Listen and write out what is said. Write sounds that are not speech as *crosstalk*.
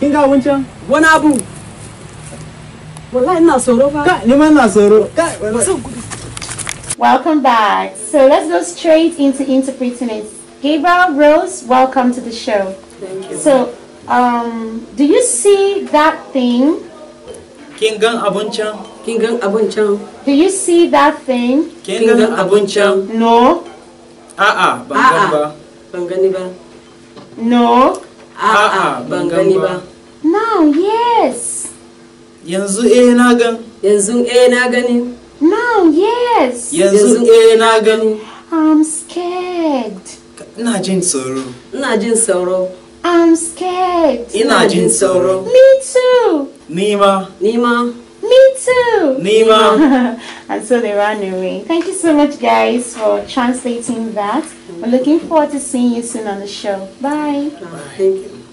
Kinga wuncha. abu wallahi ba ka ni ka Welcome back. So let's go straight into interpreting it. Gabriel Rose, welcome to the show. Thank you. So, um, do you see that thing? Kingan abunchang. Kingan abunchang. Do you see that thing? Kingan abunchang. No. Ah ah, bangani ba? Bangani ba? No. Ah ah, ah, ah bangamba. ba now yes yanzu eh nagan. yanzu eh nagani. gani now yes yanzu eh nagani. i'm scared ina jin tsoro ina i'm scared ina jin me too nima nima Me too. Nima. and *laughs* so they ran away. Thank you so much, guys, for translating that. We're looking forward to seeing you soon on the show. Bye. Bye. Thank you.